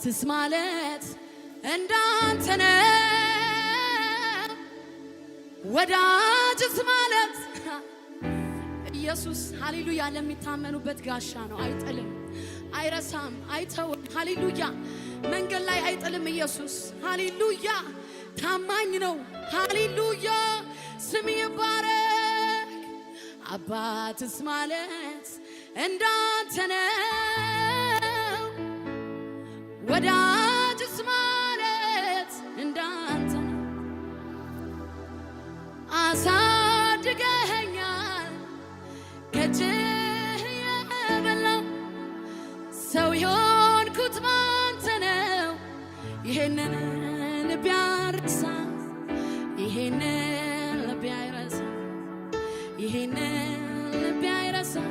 አባትስ ማለት እንዳንተ ነው። ወዳጅስ ማለት ኢየሱስ ሃሌሉያ ለሚታመኑበት ጋሻ ነው። አይጥልም፣ አይረሳም፣ አይተውም። ሃሌሉያ መንገድ ላይ አይጥልም ኢየሱስ። ሃሌሉያ ታማኝ ነው። ሃሌሉያ ስም ይባረክ። አባትስ ማለት እንዳንተ ነው ወዳጅስ ማለት እንዳንተ ነው። አሳድገኸኛል ከእጅህ የበላሁ ሰው የሆንኩት ባንተ ነው። ይህንን ልቤ አይረሳም፣ ይህንን ልቤ አይረሳም፣ ይህንን ልቤ አይረሳም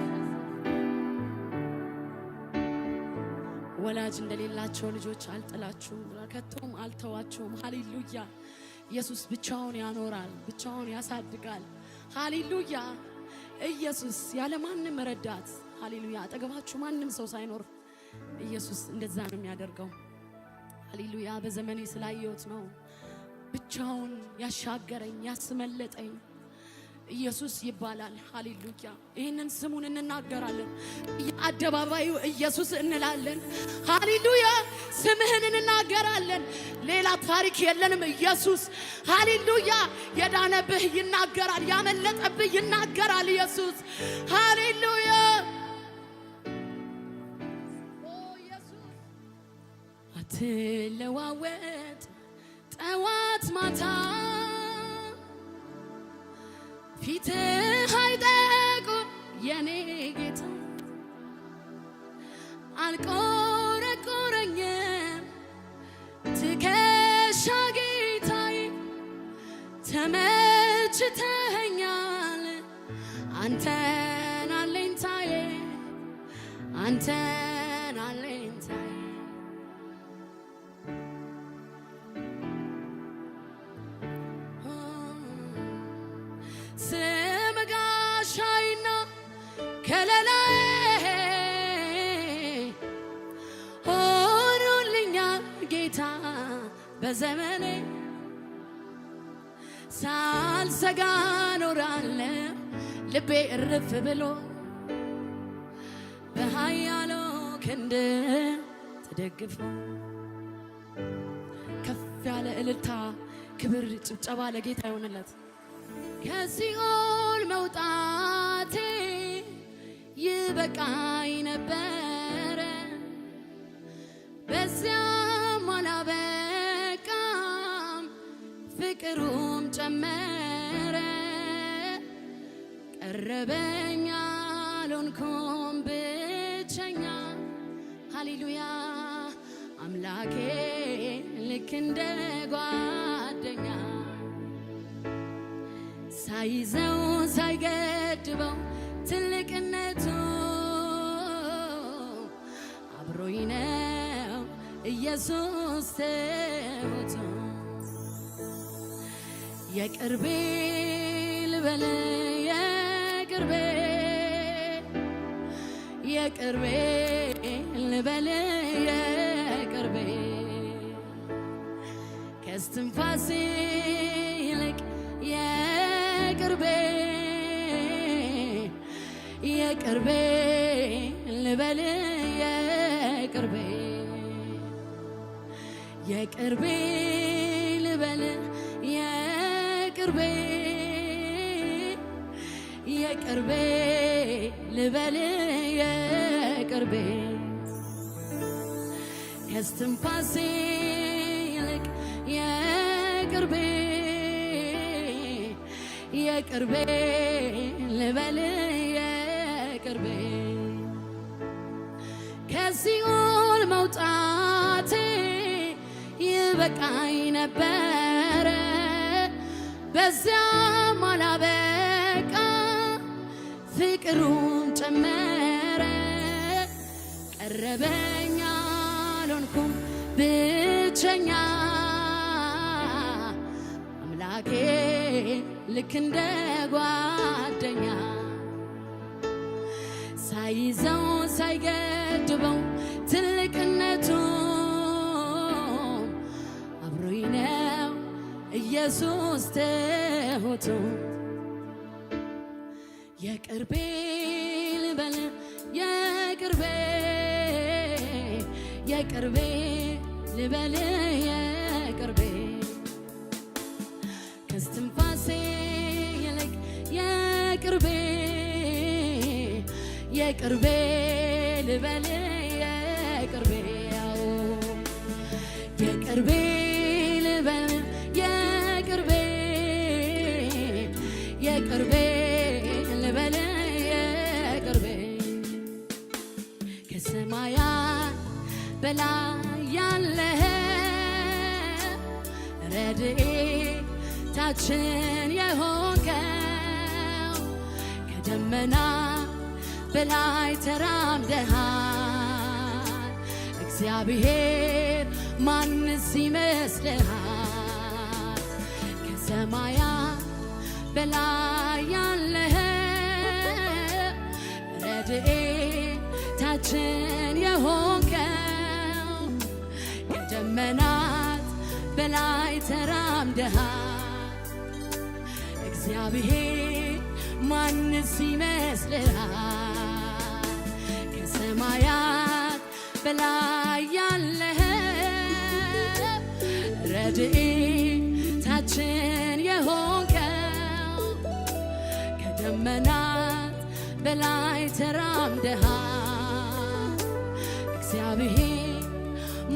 ወላጅ እንደሌላቸው ልጆች አልጥላችሁም፣ ከቶም አልተዋችሁም። ሀሌሉያ ኢየሱስ ብቻውን ያኖራል፣ ብቻውን ያሳድጋል። ሀሌሉያ ኢየሱስ ያለ ማንም ረዳት ሀሌሉያ አጠገባችሁ ማንም ሰው ሳይኖር ኢየሱስ እንደዛ ነው የሚያደርገው። ሀሌሉያ በዘመኔ ስላየሁት ነው ብቻውን ያሻገረኝ ያስመለጠኝ ኢየሱስ ይባላል። ሃሌሉያ! ይህንን ስሙን እንናገራለን። የአደባባዩ ኢየሱስ እንላለን። ሃሌሉያ! ስምህን እንናገራለን። ሌላ ታሪክ የለንም። ኢየሱስ ሃሌሉያ! የዳነብህ ይናገራል፣ ያመለጠብህ ይናገራል። ኢየሱስ ሃሌሉያ! አትለዋወጥ ጠዋት ማታ ፊትህ አይጠቁር የኔ ጌታ አልቆረቆረኝም ትከሻ ጌታዬ ተመችተኸኛል አንተን አለኝታዬ አንተ በዘመኔ ሳልሰጋ ኖራለ ልቤ እርፍ ብሎ በኃያሉ ክንድ ተደግፎ ከፍ ያለ እልልታ፣ ክብር፣ ጭብጨባ ለጌታ ይሆንለት። ከሲኦል መውጣቴ ይበቃኝ ነበረ በዚያም አላበ ፍቅሩም ጨመረ ቀረበኛ ሎንኮም ብቸኛ ሃሌሉያ አምላኬ ልክ እንደ ጓደኛ ሳይዘው ሳይገድበው ትልቅነቱ አብሮኝ ነው ኢየሱስ የቅርቤ ልበለ የቅርቤ የቅርቤ ልበለ የቅርቤ ከስትንፋሴ ይልቅ የቅርቤ የቅርቤ ልበለ የቅርቤ የቅርቤ ልበለ የቅርቤ የቅርቤ ልበል የቅርቤ ከስትንፋሴ ይልቅ የቅርቤ የቅርቤ ልበል የቅርቤ ከሲኦል መውጣቴ ይበቃኝ ነበር በዚያም አላበቃ ፍቅሩን ጨመረ። ቀረበኛ አልሆንኩም ብቸኛ አምላኬ ልክ እንደ ጓደኛ ሳይዘው ሳይገድበው ትልቅነቱ ኢየሱስ ትሁቱ የቅርቤ ልበል የቅርቤ የቅርቤ ልበል የቅርቤ ከስትንፋሴ ይልቅ የቅርቤ የቅርቤ ልበል በላይ ያለህ ረድኤታችን የሆንከው ከደመና በላይ ተራምደሃል እግዚአብሔር ማንስ ይመስልሃል ከሰማያ በላይ ያለህ ረድኤታችን የሆን ዘመናት በላይ ተራምደሃል። እግዚአብሔር ማንስ ይመስልሃል? ከሰማያት በላይ ያለህ ረድኤ ታችን የሆንከው ከደመናት በላይ ተራምደሃል እግዚአብሔር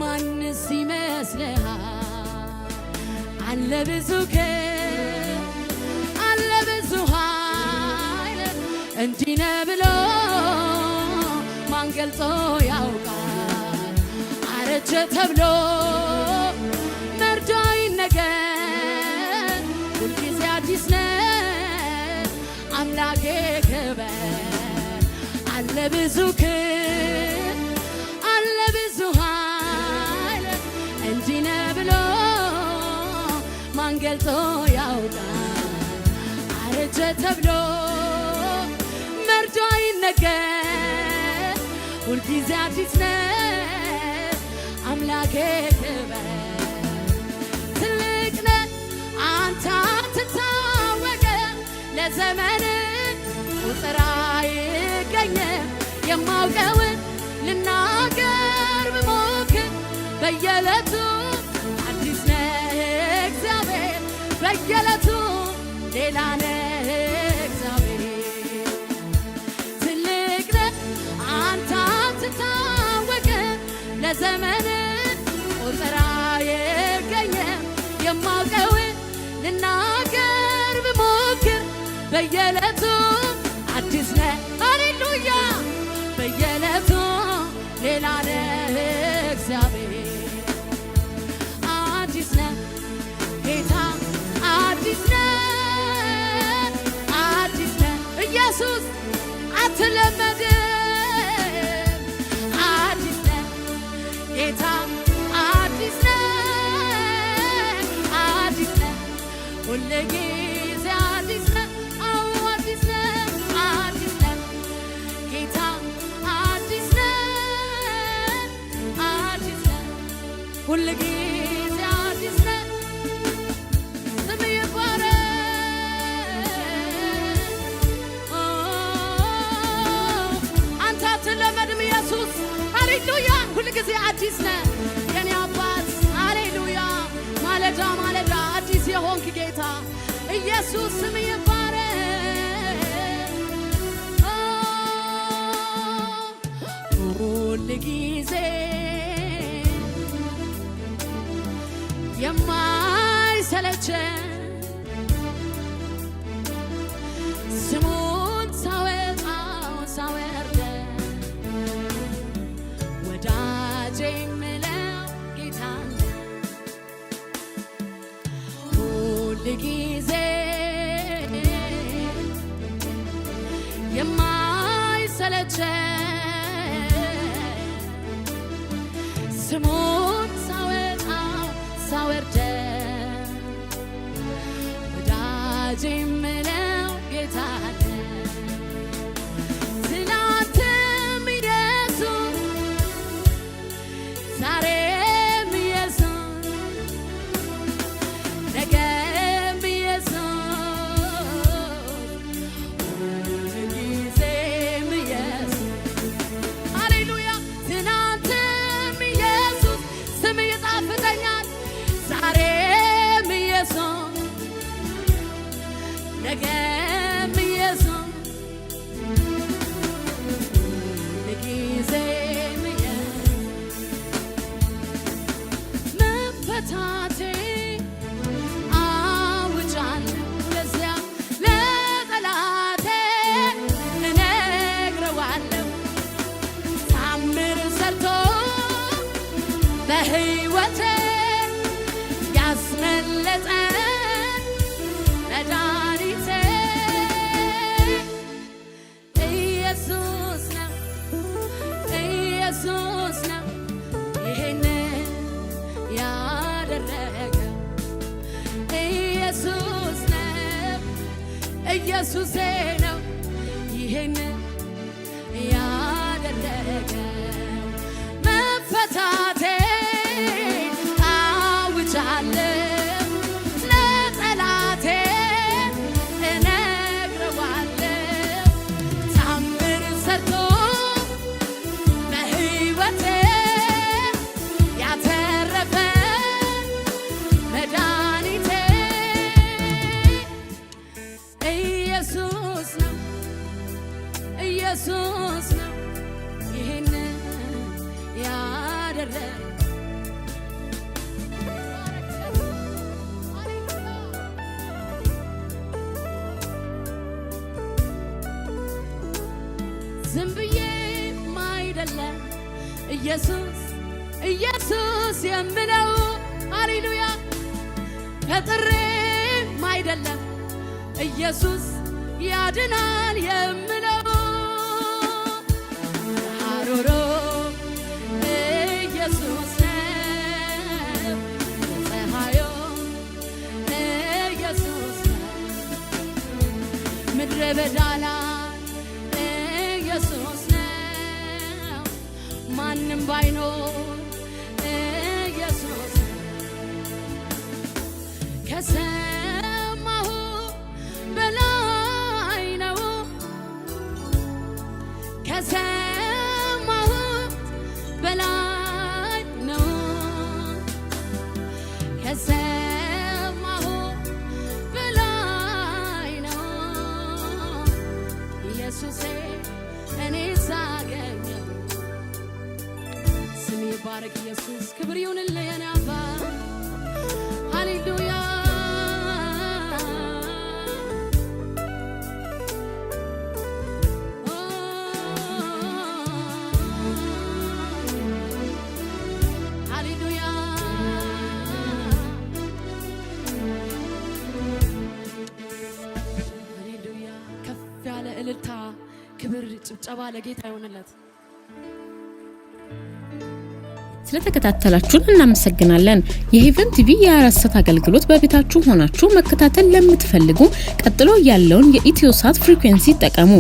ማንስ ይመስልሃል? አለ ብዙ አለ ብዙ ኃይል እንዲህ ብሎ ማን ገልጾ ያውቃል? አረጀ ተብሎ መርዶይ ነገር ሁልጊዜ አዲስ ነው አምላኬ ክበር አለ ብዙ ፊቷን ገልጦ ያውቃል። አረጀ ተብሎ መርዶ ይነገር ሁልጊዜ አዲስ ነህ አምላኬ ክበር ትልቅ ነህ አንተ አትታወቅም ለዘመን ቁጥር አይገኝም የማውቀውን ልናገር ብሞክር በየዕለቱ በየዕለቱ ሌላ ነህ እግዚአብሔር ትልቅ ነህ አንተ አትታወቅም ለዘመን ቆጠራ የገኘም የማውቀውን ልናገር ብሞክር በየዕለቱ አልተለመደም። አዲስ ነ ጌታ አዲስ ነ አዲስ ነ ሁሌ ኢየሱስ ስም ይባረክ ሁል ጊዜ የማይሰለቸን chance. ኢየሱሴ ነው ይሄንን ዝም ብዬም አይደለም ኢየሱስ ኢየሱስ የምለው ሃሌሉያ ከጥሬም አይደለም ኢየሱስ ያድናል የምለው አሮሮ ኢየሱስ ፀሐዮ ኢየሱስ ምድረ በዳ ባይኖር ኢየሱስ ከሰማሁ በላይ ነው ከሰማሁ በላይ ነው ኢየሱስ ክብር ይሁንልን አባ ሃሌሉያ ከፍ ያለ እልልታ ክብር ጭብጨባ ለጌታ ይሆንለት። ስለተከታተላችሁን እናመሰግናለን። የሄቨን ቲቪ የአራሰት አገልግሎት በቤታችሁ ሆናችሁ መከታተል ለምትፈልጉ ቀጥሎ ያለውን የኢትዮሳት ፍሪኩዌንሲ ይጠቀሙ።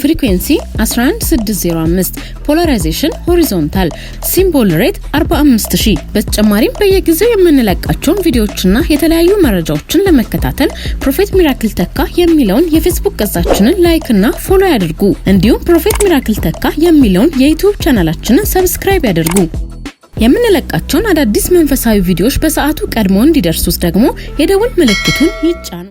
ፍሪኩዌንሲ 11605 ፖላራይዜሽን ሆሪዞንታል ሲምቦል ሬት 45000። በተጨማሪም በየጊዜው የምንለቃቸውን ቪዲዮዎችና የተለያዩ መረጃዎችን ለመከታተል ፕሮፌት ሚራክል ተካ የሚለውን የፌስቡክ ገጻችንን ላይክ እና ፎሎ ያድርጉ። እንዲሁም ፕሮፌት ሚራክል ተካ የሚለውን የዩቲዩብ ቻናላችንን ሰብስክራይብ ያድርጉ። የምንለቃቸውን አዳዲስ መንፈሳዊ ቪዲዮዎች በሰዓቱ ቀድሞ እንዲደርሱት ደግሞ የደውል ምልክቱን ይጫኑ።